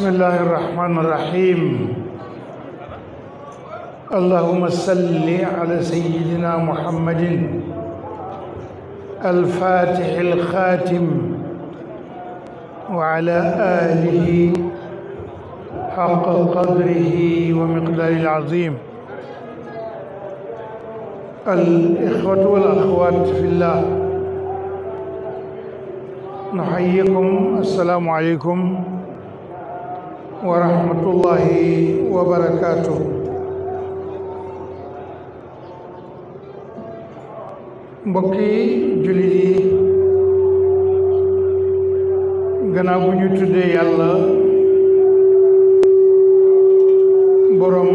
بسم الله الرحمن الرحيم اللهم صل على سيدنا محمد الفاتح الخاتم وعلى آله حق قدره ومقداره العظيم الإخوة والأخوات في الله نحييكم السلام عليكم wa rahmatullahi wa barakaatu mbokki jullit yi gannaaw bu ñu tuddee yàlla borom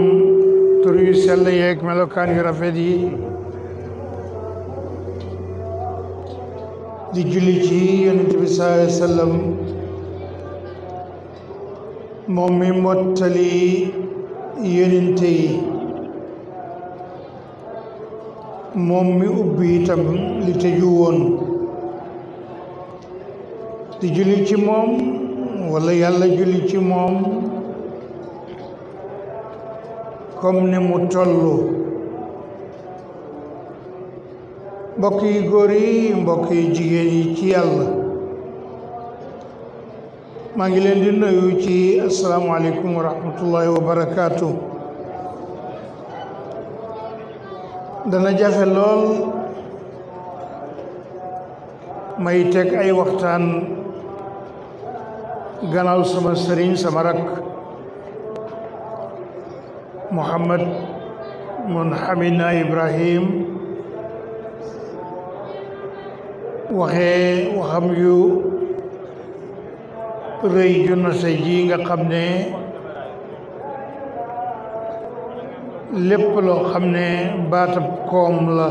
tur yu sell yeeg melokaan yu rafet yi di julli ci yonent bi sallallahu alayhi wa moom mi mottali yonente yi moom mi ubbi itam li tëju woon di julli ci moom wala yàlla julli ci moom comme ni mu tollu mbokk yi góor yi mbokk yi jigéen yi ci yàlla maa ngi leen di nuyu ci asalaamualeykum wa rahmatullahi barakaatu. dana jafe lool may teg ay waxtaan gannaaw sama sëriñ sama rakk Muhammad mun Hamina Ibrahim waxee waxam rëy ju no ji nga xam ne lépp loo xam ne baat koom la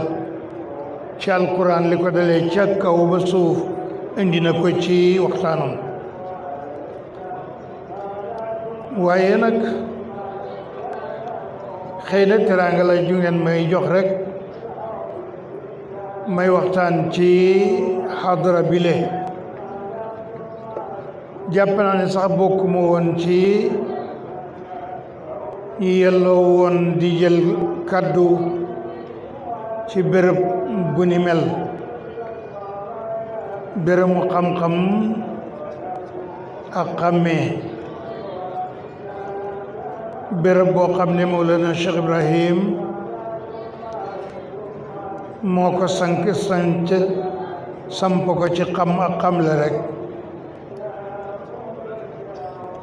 ci li ko dalee ca kaw ba suuf indi na ko ci waxtaanam waaye nag xëy na teraanga la ju ngeen may jox rekk may waxtaan ci xadra bile jàpp naa ne sax bokkuma woon ci yelloo woon di jël kàddu ci bërëb bu ni mel bërëmu xam-xam ak xàmmee bërëb boo xam ne Mawlana Ibrahim moo ko sank sanc samp ko ci xam ak xam la rekk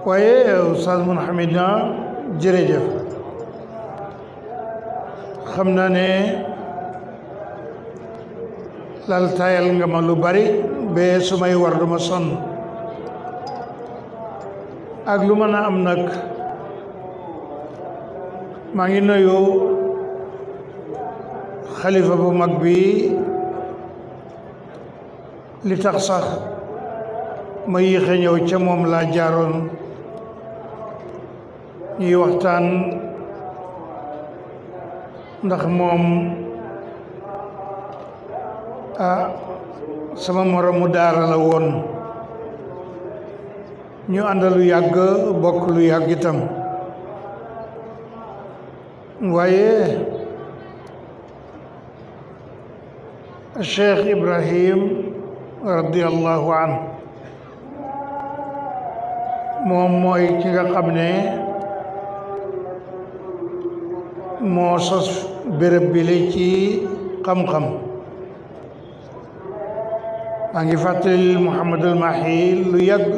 waaye Oustaz Mounhamina jërëjëf xam naa ne lal tayal nga ma lu bari ba su may war duma sonn ak lu mën a am nag maa ngi nuyu xalifa bu mag bi li tax sax ma yéexe ñëw ca moom laa jaaroon ñuy waxtaan ndax moom sama moromu daara woon ñu àndalu yàgg bokk lu yàgg itam waaye Cheikh Ibrahim radiyallahu anhu moom mooy ki nga xam ne moo sos béréb bi ci xam maa ngi fàttalil Mouhamadul Mahi lu yàgg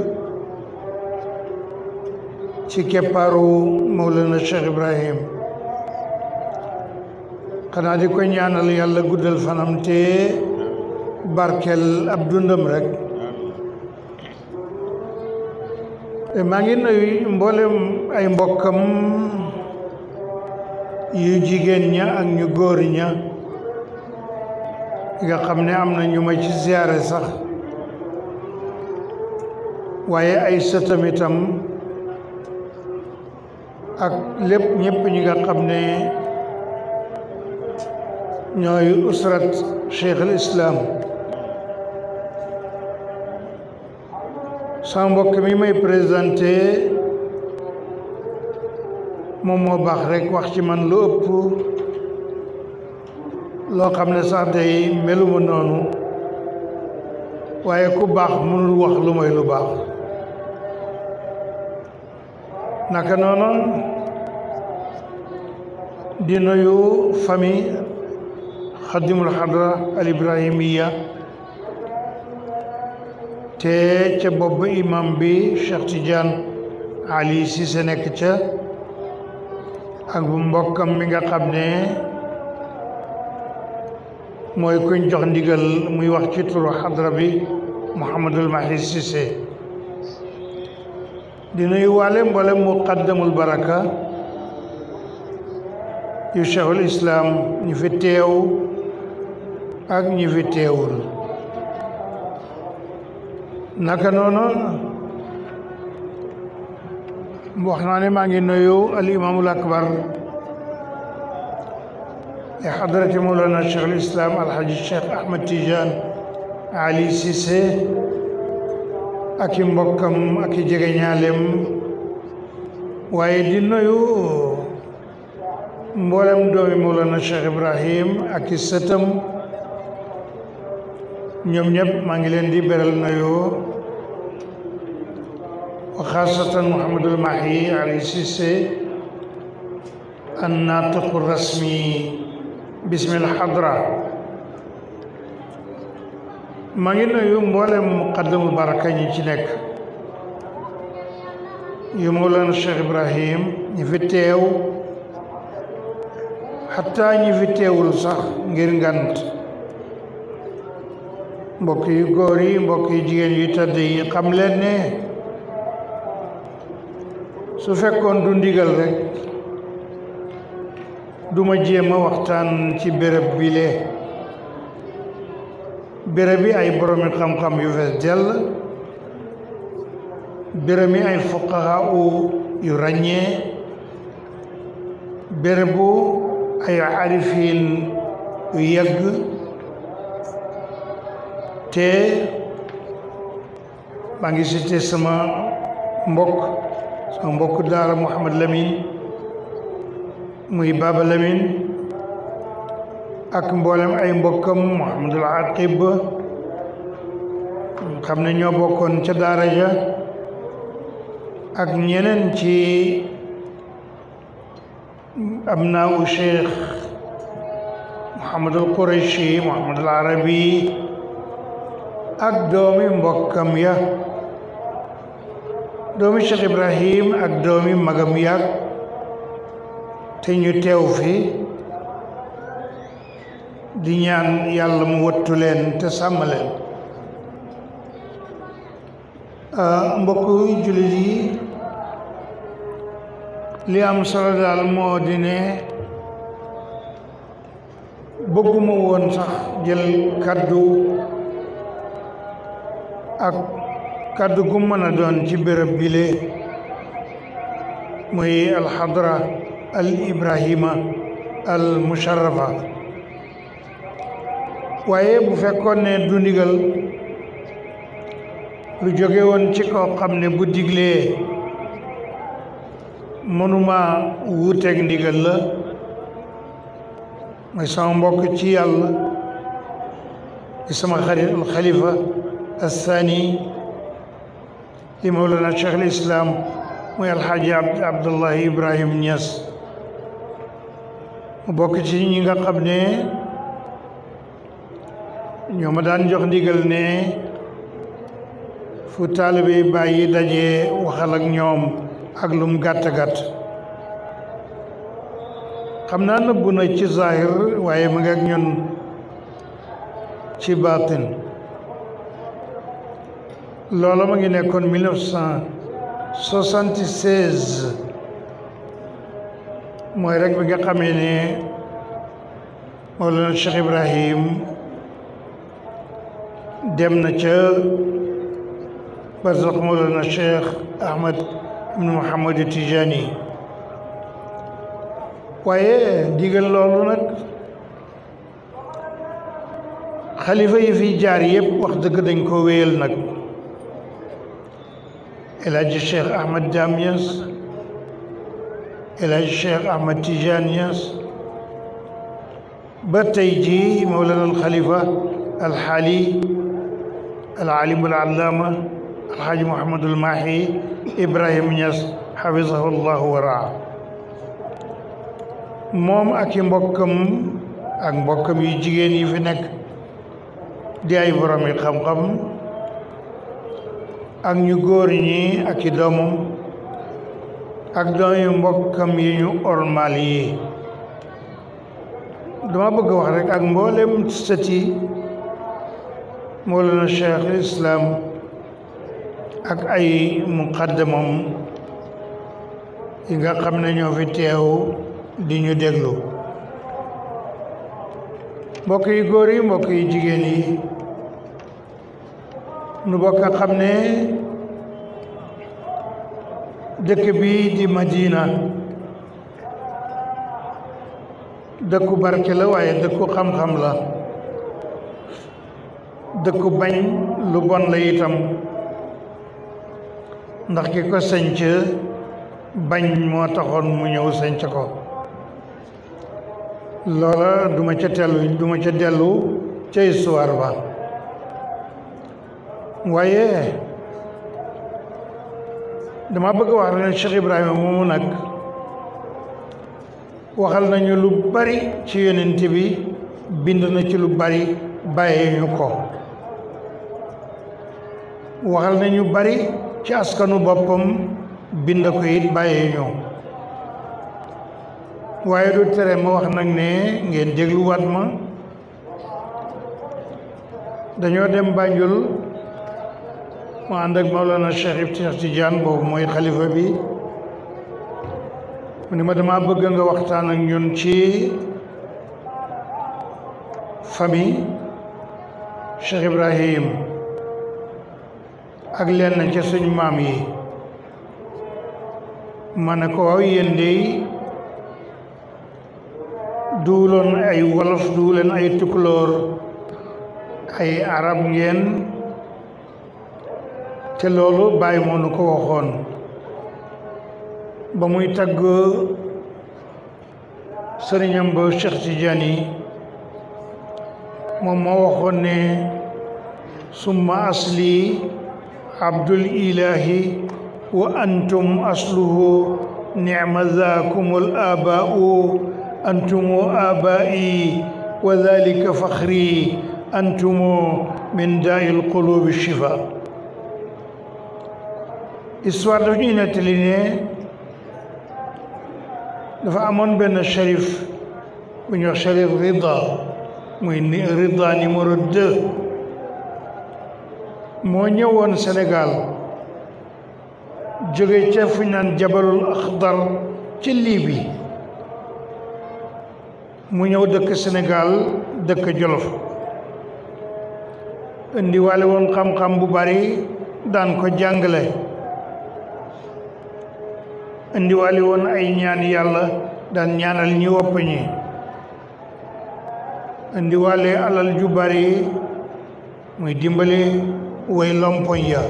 ci keppaaru Mawlana Cheikh Ibrahim xanaa di ñaanal yàlla guddal fanam te barkel ab dundam rek maa ngi nuyu mboolem ay mbokkam yu jigéen ña ak ñu góor ña nga xam ne am na ñu ma ci ziyaare sax waaye ay sëtam itam ak lépp ñëpp ñi nga xam ne ñooy usrat cheikh al islam sama mbokk mi may présenté moom moo baax rek wax ci man lu ëpp loo xam ne sax day meluma noonu waaye ku baax mënul wax lu may lu baax naka noonu di nuyu famille xadimul xadra al ibrahimiya te ca bopp imam bi Cheikh Tidiane Ali Cissé nekk ca ak bu mbokkam mi nga xam ne mooy kuñ jox ndigal muy wax ci turu xadra bi Mouhamadul Mahi Cissé di nuyu waale mboolem muqaddamul baraka yu cheikhul islam ñi fi teew ak ñu fi teewul naka noonu wax naa maa ngi nuyu al imaamul akbar li xadrati mawlana cheikh al islam alhaji cheikh ahmad tidiane ali Cissé ak i mbokkam ak i waaye di nuyu mboolem doomi mawlana cheikh ibrahim ak i sëtam ñoom ñëpp maa ngi leen di beral nuyoo وخاصة محمد المحيي علي سيسي الناطق الرسمي باسم الحضرة maa ngi nuyu mboolem muqaddamul baraka ñi ci nekk yu Mawlana Cheikh Ibrahim ñi fi teew xataa ñi fi teewul sax ngir ngant mbokk yu góor yi mbokk yu jigéen yu tëdd yi su fekkoon du ndigal rek duma jéem a waxtaan ci béréb bi lee béréb yi ay boromi xam-xam yu fees dell béréb yi ay fuqaha yu ràññee bérébu ay arifin yu yegg te maa ngi cité sama mbokk sama mbokk daara Mouhamad Lamine muy Baba Lamine ak mboolem ay mbokkam Mouhamadul Aqib xam ne ñoo bokkoon ca daara ja ak ñeneen ci am naa u Cheikh Mouhamadul Qurayshi Mouhamadul Arabi ak doomi mbokkam ya doomi Cheikh Ibrahim ak doomi magam yàgg te ñu teew fi di ñaan yàlla mu wattu leen te sàmm leen ah, mbokk jullit li am solo moo di ne bëgguma woon sax jël kàddu ak kàddu gu mën a doon ci bérëb bile muy alxadra al ibrahima al musharrafa waaye bu fekkoon ne du ndigal lu jóge woon ci koo xam ne bu diglee mënuma wuuteeg ndigal la mooy sama mbokk ci yàlla di sama xarit al xalifa al thani di Mawlana Cheikh al Islam muy alxaaji Abdullahi Ibrahim Niass mu bokk ci ñi nga xam ne ñoo ma daan jox ndigal ne fu taalibe bàyyi daje waxal ak ñoom ak lum gàtt gàtt xam naa nëbbu na ci zahir waaye mu ngi ak ci baatin loolu ma ngi nekkoon 1976 mooy rek bi nga xamee ne Mawlana Cheikh Ibrahim dem na ca barsax Mawlana Cheikh Ahmad ibn Mouhamad Tijani waaye digal loolu nag xalifa yi fi jaar yëpp wax dëgg dañ ko wéyal nag El Hadj Cheikh Ahmed Dame Niass El Hadj Cheikh Ahmed Tidiane Niass ba tey jii Mawlana al Khalifa al Hali al alim al allama al Hadj Mouhamadul Mahi Ibrahim Niass hafizahu llahu wa raa moom ak i mbokkam ak mbokkam yu jigéen yi fi nekk di ay borom yi xam-xam. ak ñu góor ñi ak i doomam ak doom yu mbokkam yi ñu ormal yi dama bëgg wax rek ak mboolem sëti Mawlana Cheikh Islam ak ay muqaddamam yi nga xam ne ñoo fi teew di ñu déglu mbokk yi góor yi mbokk yi jigéen yi nu bokk nga xam ne dëkk bii di Madina dëkku barke la waaye dëkku xam-xam la dëkku bañ lu bon la itam ndax ki ko sanc bañ moo taxoon mu ñëw senc ko loola duma ca tellu duma ca dellu ca histoire ba waaye dama bëgg wax ne Cheikh Ibrahima moomu nag waxal nañu lu bari ci yonent bi bind na ci lu bari bàyyee ñu ko waxal nañu bari ci askanu boppam bind ko it bàyyee waaye du tere ma wax nag ne ngeen dégluwaat ma dañoo dem Banjul mu ànd ak Mawlana Cheikh Ibn Tidiane boobu mooy xalifa bi mu ne ma dama bëgg nga waxtaan ak ñun ci famille Cheikh Ibrahim ak lenn ca suñ maam yi ma ne ko waaw yéen dey duuloon ay wolof duuleen ay tukulóor ay arab ngeen te loolu bàyyi moo nu ko waxoon ba muy tagg sëriñam ba Cheikh Tidiane yi moom moo waxoon ne summa asli abdul ilahi wa antum asluhu nicma zaakumul abaau antumu abai wa dalika faxri antumu min daai lqulubi shifa histoire daf ñuy nettali ne dafa amoon benn shérif bu ñuy wax shérif muy Rida numéro deux moo ñëwoon Sénégal jóge ca fu ñu naan jabalul axdar ci Libi mu ñëw dëkk Sénégal dëkk Jolof indiwaale woon xam-xam bu bari daan ko jàngale indiwaale woon ay ñaan yàlla daan ñaanal ñi wopp ñi indiwaale alal ju bari muy dimbale way lompoñ ya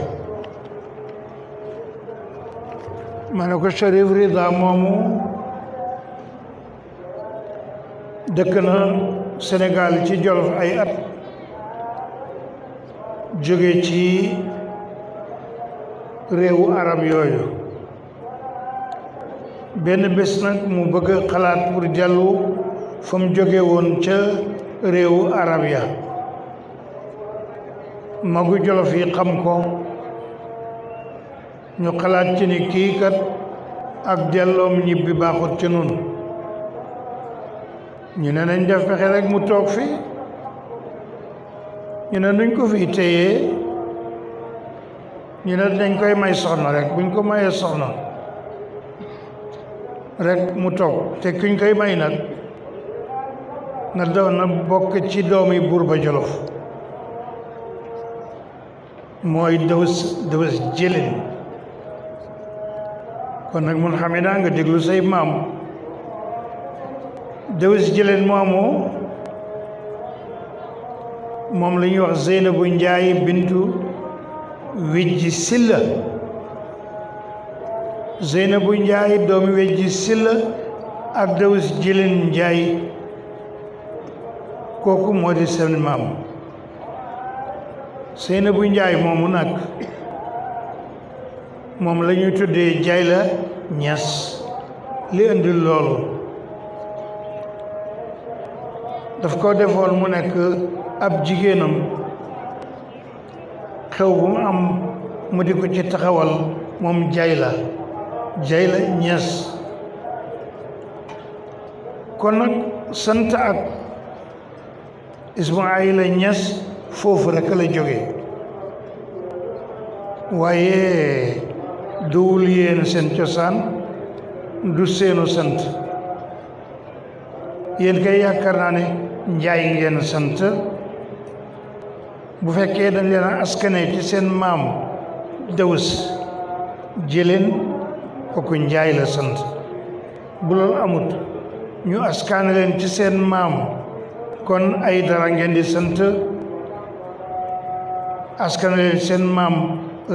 ma ne ko Cherif Rida moomu dëkk na ci Jolof ay at joge ci réewu arab yooyu benn bés nag mu bëgg xalaat pour jàllu fa mu jóge woon ca réewu arab ya magu jolof yi xam ko ñu xalaat ci ni kii kat ak jàlloom ñibbi baaxut ci noonu ñu ne nañ def pexe rek mu toog fi ñu ne nuñ ko fi téyee ñu ne dañ koy may soxna rek buñ ko mayee soxna rek mu toog te kuñ koy may nag na doon na bokk ci doomi buur ba jolof mooy dawus dawus jëlin kon nag mun xamee nga déglu say maam dawus jëlin moomu moom la ñuy wax Zeynabu Njaay bintu wijji silla buy Njaay doomi wejji Silla ak Dawus Jilin Njaay kooku moo di seen maam Zeynabu Njaay moomu nag moom lañuy tuddee Njaay la Ñas li indi loolu daf ko defoon mu nekk ab jigéenam xew bu am mu di ko ci taxawal moom Njaay la Jayla Ñas kon nag sant ak Ismaayla Ñas foofu rek la jógee waaye duwul yéen seen cosaan du seenu sant yéen kay yaakaar naa ne njaay ngeen sant bu fekkee dañ leen a seen maam dawus jëleen kooku njaay la sant bu loolu amut ñu askaane ci seen maam kon ay dara ngeen di sant askaane leen seen maam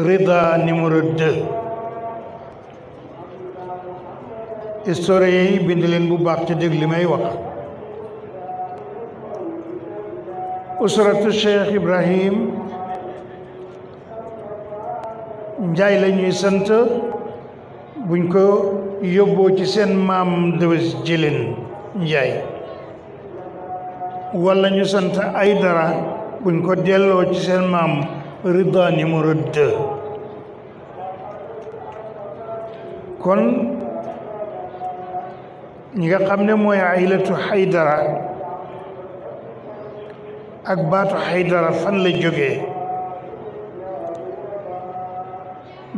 rida numéro 2 historien yi bind leen bu baax ci dégg limay may wax usratu ibrahim njaay la ñuy sant buñ ko yóbboo ci seen maam dëwës jëlin njaay walla ñu sant ay dara buñ ko delloo ci seen maam rida numéro deux kon ñi nga xam ne mooy aylatu dara ak baatu dara fan la jóge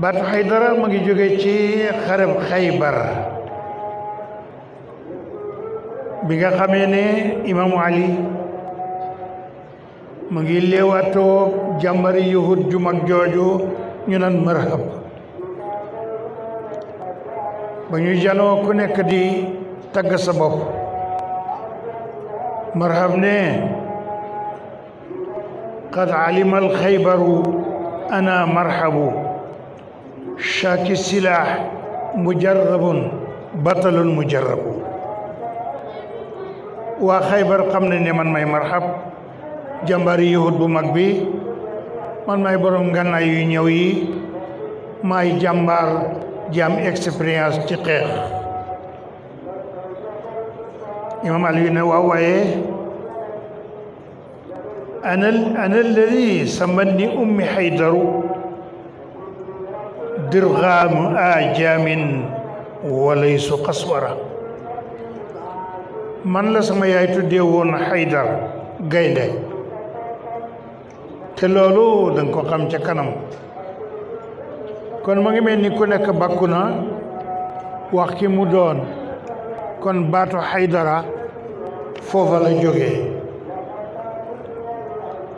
baatu Haydara ma ngi jóge ci xareb Xaybar bi nga xamee ne imaamu Ali mu ngi léewatoo jàmbari yahud ju jooju ñu naan marhab ba ñu janoo ku nekk di tagg sa bopp marhab ne qad alima alxaybaru ana marhabu shaaki silaah mujarrabun batalun mujarrabu waa xaybar xam ne ne man may marxab jàmbari yahud bu mag bi man may borom ngànnaay yu ñëw yi maay jàmbaar jaam expérience ci xeex imam Aliyu ne waaw waaye ana ana alladi samani ummi درغام آجام وليس قصورا man la sama yaay tuddee woon Haydar gaynde te loolu danga ko xam ca kanam kon mu ngi mel ni ku nekk bàkku na wax ki mu doon kon baatu Haydara foofa la jógee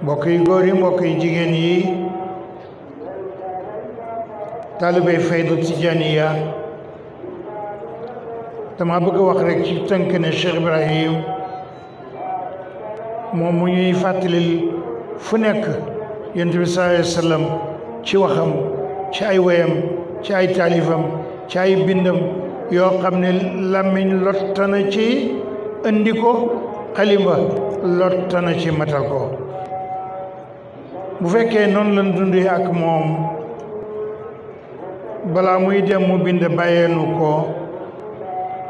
mbokk yi góor yi jigéen yi taalibey faydu tijaniya dama bëgg a wax rek ci tënk ne Cheikh Ibrahim moom mu ñuy fàttalil fu nekk yonent bi sallallahu alayhi ci waxam ci ay woyam ci ay taalifam ci ay bindam yoo xam ne làmmiñ lottana ci indi ko xalimba lottana ci matal bu fekkee noonu lañ ak moom balaa muy dem mu bind bàyyeenu ko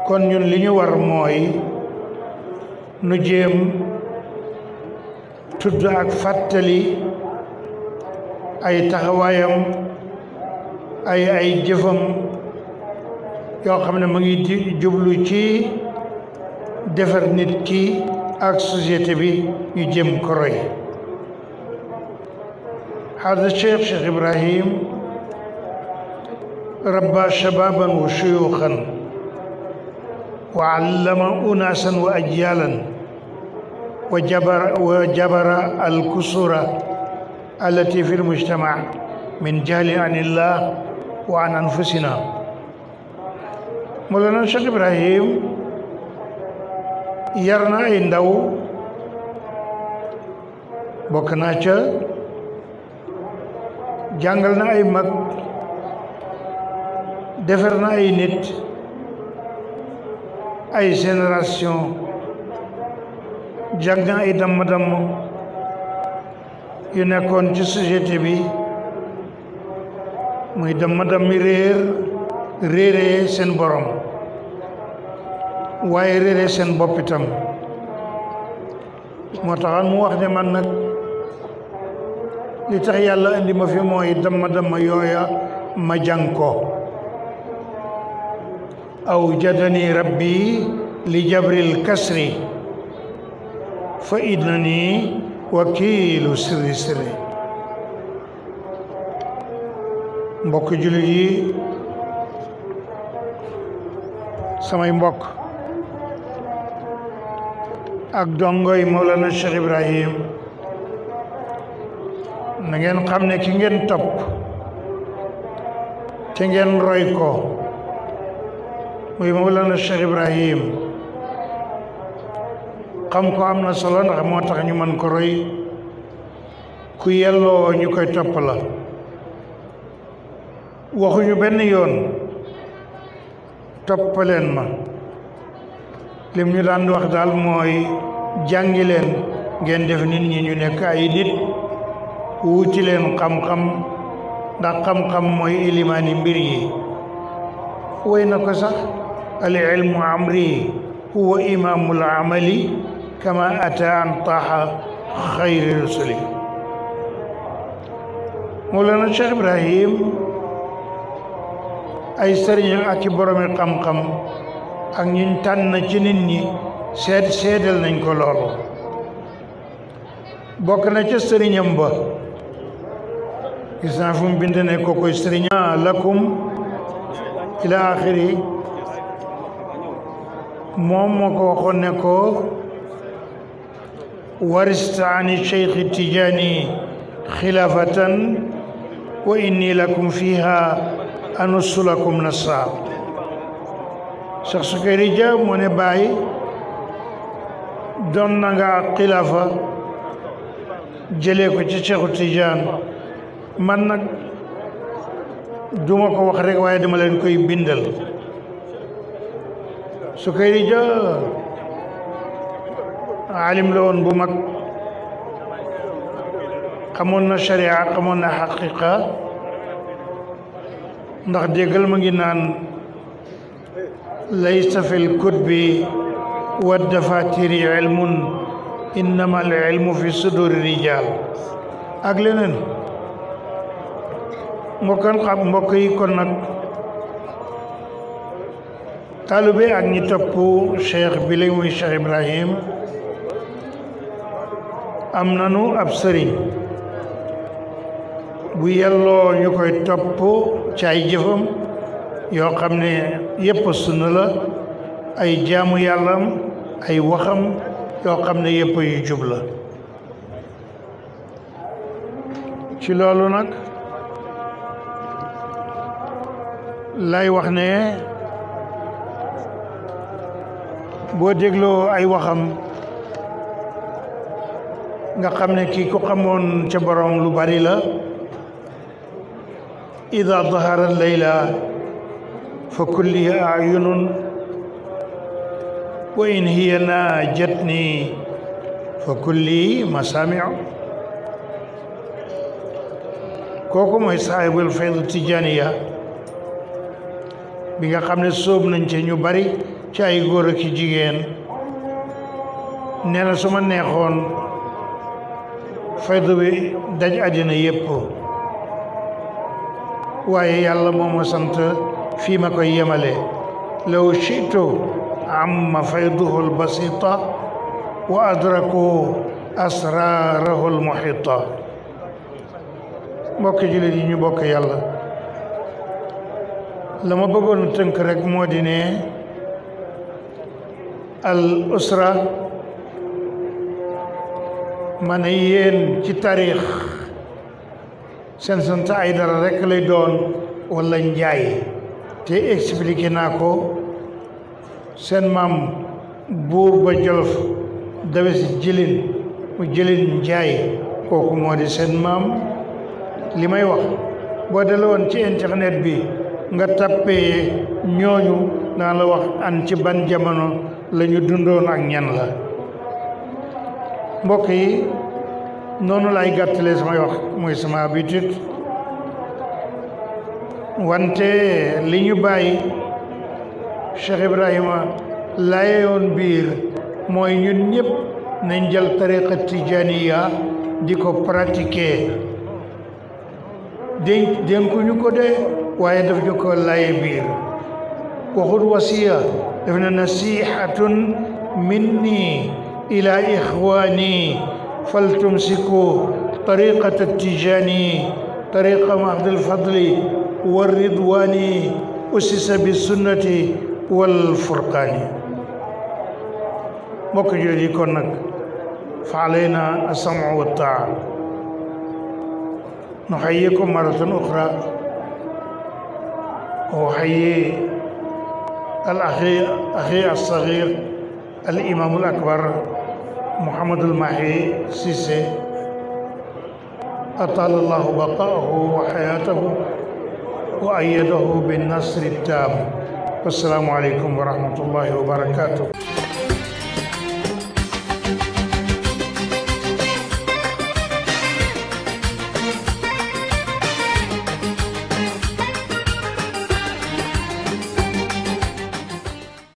kon ñun li ñu war mooy nu jéem tudd ak fàttali ay taxawaayam ay ay jëfam yoo xam ne mu ngi jublu ci defar nit ki ak société bi ñu jëm ko roy hada cheikh ibrahim ربى شبابا وشيوخا وعلم أناسا وأجيالا وجبر, وجبر الكسر التي في المجتمع من جهل عن الله وعن أنفسنا مولانا الشيخ إبراهيم يرنا عنده بكناچا جانغلنا أي مك defar na ay nit ay génération jàng na ay damm-damm yu nekkoon ci société bi muy damm-dammi réer réeree seen borom waaye réeree seen bopp itam moo taxoon mu wax ne man nag li tax yàlla indi ma fi mooy damm-damm yooya ma jàng ko awjadani rabbi li jabril kasri fa innani wakiilu sirri sirri mbokk jullit yi samay mbokk ak dongoy Mawlana Cheikh Ibrahim na ngeen xam ne ki ngeen topp te ngeen roy ko muy Mawlana Cheikh Ibrahim xam ko am na solo ndax moo tax ñu mën ko roy ku yelloo ñu koy topp la waxuñu benn yoon toppaleen ma lim ñu daan wax daal mooy jàngi leen ngeen def nit ñi ñu nekk ay nit wuuti leen xam-xam ndax xam-xam mooy ilimaani mbir yi woy na ko sax alilmu amri huwa imaamul amali kama ata an taaxa xayri rusuli Mawlana Cheikh Ibrahim ay sëriñ ak i boromi xam-xam ak ci nit seet seedal nañ ko loolu na ca sëriñam ba gis naa fu mu bind ne lakum ila axiri moom moo ko waxoon ne ko warista ani cheikh tijaani xilaafatan wa inni lakum fiha anusulakum nasa cheikh sukayri ja mu ne baay doon na nga xilaafa jëlee ko ci tijaan man nag duma ko wax rek waaye dama leen koy bindal Sukayri ja alim la woon bu mag xamoon na sharia xamoon na xaqiqa ndax déggal ma ngi naan laysa fi lkutbi wa dafatiri ilmun innama al ilmu fi suduri rijal ak leneen mbokkan xam mbokk kon nag taalibe ak ñi topp cheikh bi lay muy cheikh ibrahim am nanu ab sëriñ bu yàlloo ñu koy topp ci ay jëfam yoo xam ne yépp sunna la ay jaamu yàllam ay waxam yoo xam ne yépp yu jub ci loolu nag lay wax ne boo dégloo ay waxam nga xam ne kii ku xamoon ca borom lu bari la ida dahara leyla fa li ayunun wa in hiya naajatni fa kulli masamiu kooku mooy saahibul fayda tijaniya bi nga xam ne sóob nañ ca ñu bari ci ay góor ak jigéen nee suma su ma neexoon faydu bi daj àddina yépp waaye yàlla moo ma sant fii ma koy yemale law shi'tu amma fayduhu albasita wa adraku asraarahu almuhita mbokk jullit yi ñu bokk yàlla la ma bëggoon al-usra ma ne yéen ci taarix seen sant ay dara rekk lay doon walla njaay te expliqué naa ko seen maam buur ba jolof dawe si jëlin mu jëlin njaay kooku moo di seen maam li may wax boo delloo woon ci internet bi nga tàppee ñooñu naa la wax an ci ban jamono lañu dundoon ak ñan la mbokk yi noonu lay gàttalee samay wax muy sama habitude wante li ñu bàyyi Cheikh Ibrahima layoon biir mooy ñun ñëpp nañ jël tariqa tijaniya di ko pratiquer dénk dénkuñu ko de waaye daf ñu ko laye biir waxul wasiya dafa ne nasihatun minni ila ixwani faltumsiku tariqata tijani tariqa abdulfadli wa ridwani usisa bi sunnati wal furqaani mbokk jooju kon nag fa alayna asamu wa taa nuxayikum maratan uxra waxayi الأخي أخي الصغير الإمام الأكبر محمد الماهي سيسي أطال الله بقاءه وحياته وأيده بالنصر التام والسلام عليكم ورحمة الله وبركاته